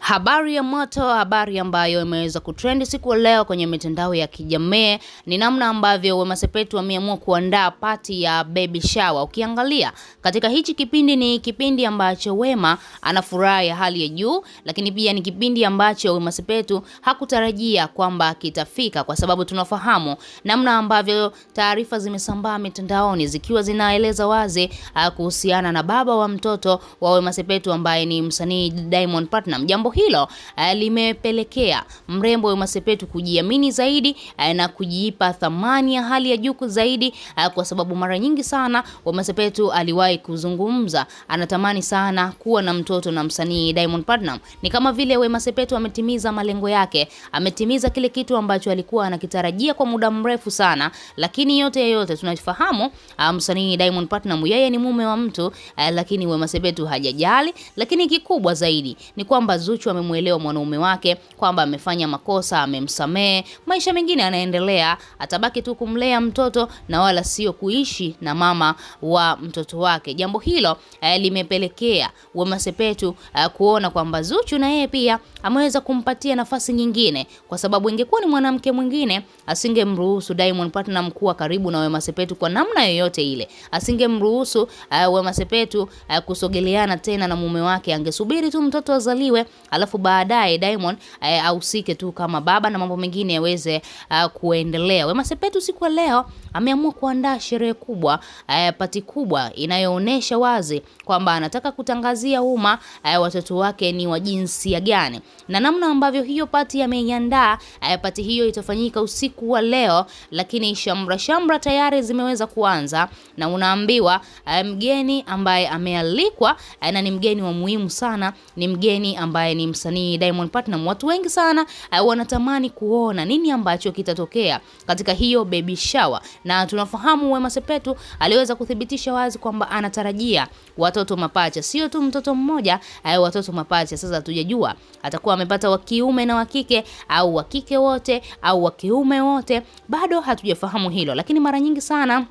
Habari ya moto, habari ambayo imeweza kutrend siku leo kwenye mitandao ya kijamii ni namna ambavyo Wema Sepetu ameamua kuandaa pati ya baby shower. Ukiangalia katika hichi kipindi, ni kipindi ambacho Wema ana furaha ya hali ya juu, lakini pia ni kipindi ambacho Wema Sepetu hakutarajia kwamba kitafika, kwa sababu tunafahamu namna ambavyo taarifa zimesambaa mitandaoni zikiwa zinaeleza wazi ah, kuhusiana na baba wa mtoto wa Wema Sepetu ambaye ni msanii Diamond Platnumz jambo hilo eh, limepelekea mrembo Wema Sepetu kujiamini zaidi eh, na kujiipa thamani ya hali ya juu zaidi, eh, kwa sababu mara nyingi sana Wema Sepetu aliwahi kuzungumza anatamani sana kuwa na mtoto na msanii Diamond Platnumz. Ni kama vile Wema Sepetu ametimiza malengo yake, ametimiza kile kitu ambacho alikuwa anakitarajia kwa muda mrefu sana, lakini yote yote tunafahamu ah, msanii Diamond Platnumz yeye ni mume wa mtu, lakini Wema Sepetu hajajali, lakini kikubwa zaidi ni kwamba Zuchu amemwelewa mwanaume wake kwamba amefanya makosa, amemsamehe, maisha mengine anaendelea, atabaki tu kumlea mtoto na wala sio kuishi na mama wa mtoto wake. Jambo hilo eh, limepelekea Wema Sepetu eh, kuona kwamba Zuchu na yeye pia ameweza kumpatia nafasi nyingine, kwa sababu ingekuwa ni mwanamke mwingine asingemruhusu Diamond Platnumz kuwa karibu na Wema Sepetu kwa namna yoyote ile, asingemruhusu eh, Wema Sepetu eh, kusogeleana tena na mume wake. Angesubiri tu mtoto azaliwe alafu baadaye Diamond eh, ahusike tu kama baba na mambo mengine yaweze eh, kuendelea. Wema Sepetu siku ya leo ameamua kuandaa sherehe kubwa eh, pati kubwa inayoonesha wazi kwamba anataka kutangazia umma eh, watoto wake ni wa jinsia gani na namna ambavyo hiyo pati ameiandaa. Eh, pati hiyo itafanyika usiku wa leo, lakini shamra shamra tayari zimeweza kuanza na unaambiwa eh, mgeni ambaye amealikwa eh, na ni mgeni wa muhimu sana, ni mgeni ambaye ni msanii Diamond Platinum, watu wengi sana uh, wanatamani kuona nini ambacho kitatokea katika hiyo baby shower, na tunafahamu Wema Sepetu aliweza kuthibitisha wazi kwamba anatarajia watoto mapacha, sio tu mtoto mmoja uh, watoto mapacha. Sasa hatujajua atakuwa amepata wa kiume na wa kike au wa kike wote au wa kiume wote, bado hatujafahamu hilo, lakini mara nyingi sana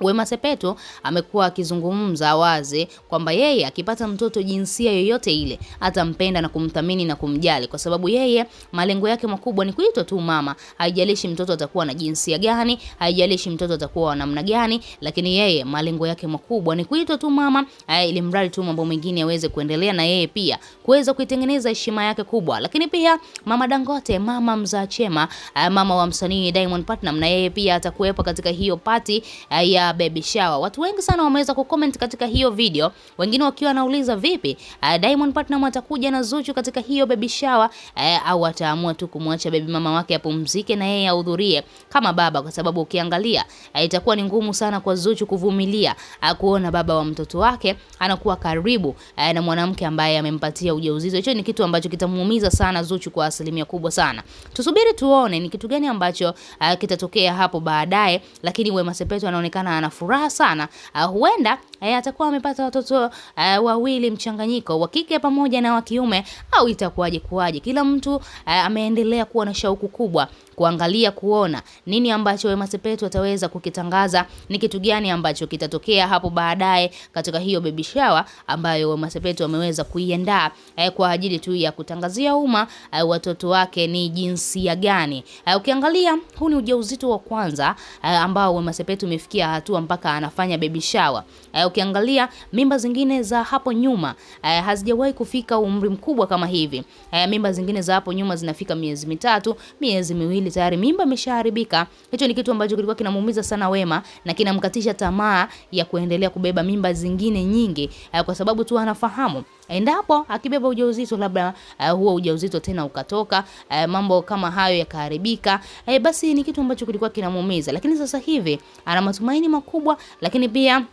Wema Sepetu amekuwa akizungumza wazi kwamba yeye akipata mtoto jinsia yoyote ile atampenda na kumthamini na kumjali, kwa sababu yeye malengo yake makubwa ni kuitwa tu mama. Haijalishi mtoto atakuwa na jinsia gani, haijalishi mtoto atakuwa wa namna gani, lakini yeye malengo yake makubwa ni kuitwa tu mama, eh, ili mradi tu mambo mengine yaweze kuendelea na yeye pia kuweza kuitengeneza heshima yake kubwa. Lakini pia mama Dangote, mama mzaa chema, eh, mama wa msanii Diamond Platnumz, na yeye pia atakuwepo katika hiyo party eh, ya baby shower. Watu wengi sana wameweza kucomment katika hiyo video, wengine wakiwa wanauliza vipi, uh, Diamond Platnumz atakuja na Zuchu katika hiyo baby shower uh, au ataamua tu kumwacha baby mama wake apumzike na yeye ahudhurie kama baba, kwa sababu ukiangalia uh, itakuwa ni ngumu sana kwa Zuchu kuvumilia uh, kuona baba wa mtoto wake anakuwa karibu uh, na mwanamke ambaye amempatia ujauzito. Hicho ni kitu ambacho kitamuumiza sana Zuchu kwa asilimia kubwa sana. Tusubiri tuone ni kitu gani ambacho uh, kitatokea hapo baadaye, lakini Wema Sepetu anaonekana na ana furaha sana, ah, huenda e, atakuwa amepata watoto uh, wawili mchanganyiko wa kike pamoja na wa kiume au itakuwaje kuwaje? Kila mtu uh, ameendelea kuwa na shauku kubwa kuangalia kuona nini ambacho Wema Sepetu ataweza kukitangaza, ni kitu gani ambacho kitatokea hapo baadaye katika hiyo baby shower ambayo Wema Sepetu ameweza kuiandaa eh, kwa ajili tu ya kutangazia umma eh, watoto wake ni jinsia gani. Eh, ukiangalia huu ni ujauzito wa kwanza eh, ambao Wema Sepetu umefikia hatua mpaka anafanya baby shower eh, ukiangalia mimba zingine za hapo nyuma e, hazijawahi kufika umri mkubwa kama hivi. e, mimba zingine za hapo nyuma zinafika miezi mitatu, miezi miwili, tayari mimba imeshaharibika. Hicho ni kitu ambacho kilikuwa kinamuumiza sana Wema na kinamkatisha tamaa ya kuendelea kubeba mimba zingine nyingi, e, kwa sababu tu anafahamu endapo akibeba ujauzito labda uh, huo ujauzito tena ukatoka uh, mambo kama hayo yakaharibika, uh, basi ni kitu ambacho kilikuwa kinamuumiza, lakini sasa hivi ana matumaini makubwa, lakini pia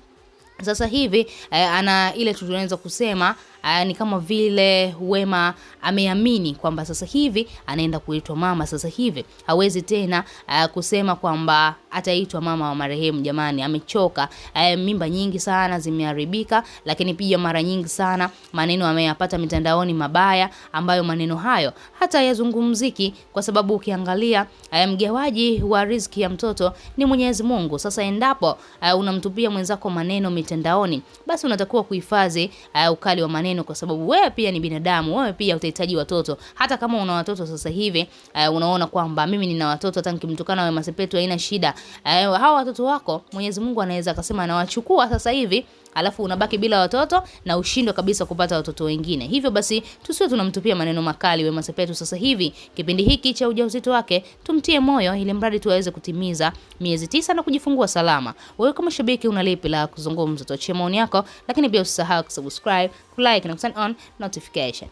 sasa hivi eh, ana ile tunaweza kusema eh, ni kama vile Wema ameamini kwamba sasa hivi anaenda kuitwa mama. Sasa hivi hawezi tena eh, kusema kwamba ataitwa mama wa marehemu. Jamani, amechoka. E, mimba nyingi sana zimeharibika, lakini pia mara nyingi sana maneno ameyapata mitandaoni mabaya, ambayo maneno hayo hata yazungumziki, kwa sababu ukiangalia e, eh, mgewaji wa riziki ya mtoto ni Mwenyezi Mungu. Sasa endapo e, unamtupia mwenzako maneno mitandaoni, basi unatakiwa kuhifadhi e, ukali wa maneno, kwa sababu wewe pia ni binadamu, wewe pia utahitaji watoto. Hata kama una watoto sasa hivi e, unaona kwamba mimi nina watoto, hata nikimtukana wewe masepetu haina shida, eh, hawa watoto wako Mwenyezi Mungu anaweza akasema anawachukua sasa hivi alafu unabaki bila watoto na ushindwa kabisa kupata watoto wengine. Hivyo basi tusiwe tunamtupia maneno makali Wema Sepetu sasa hivi, kipindi hiki cha ujauzito wake tumtie moyo, ili mradi tu aweze kutimiza miezi tisa na kujifungua salama. Wewe kama shabiki una lipi la kuzungumza? Tuachie maoni yako, lakini pia usisahau kusubscribe, kulike na kuturn on notification.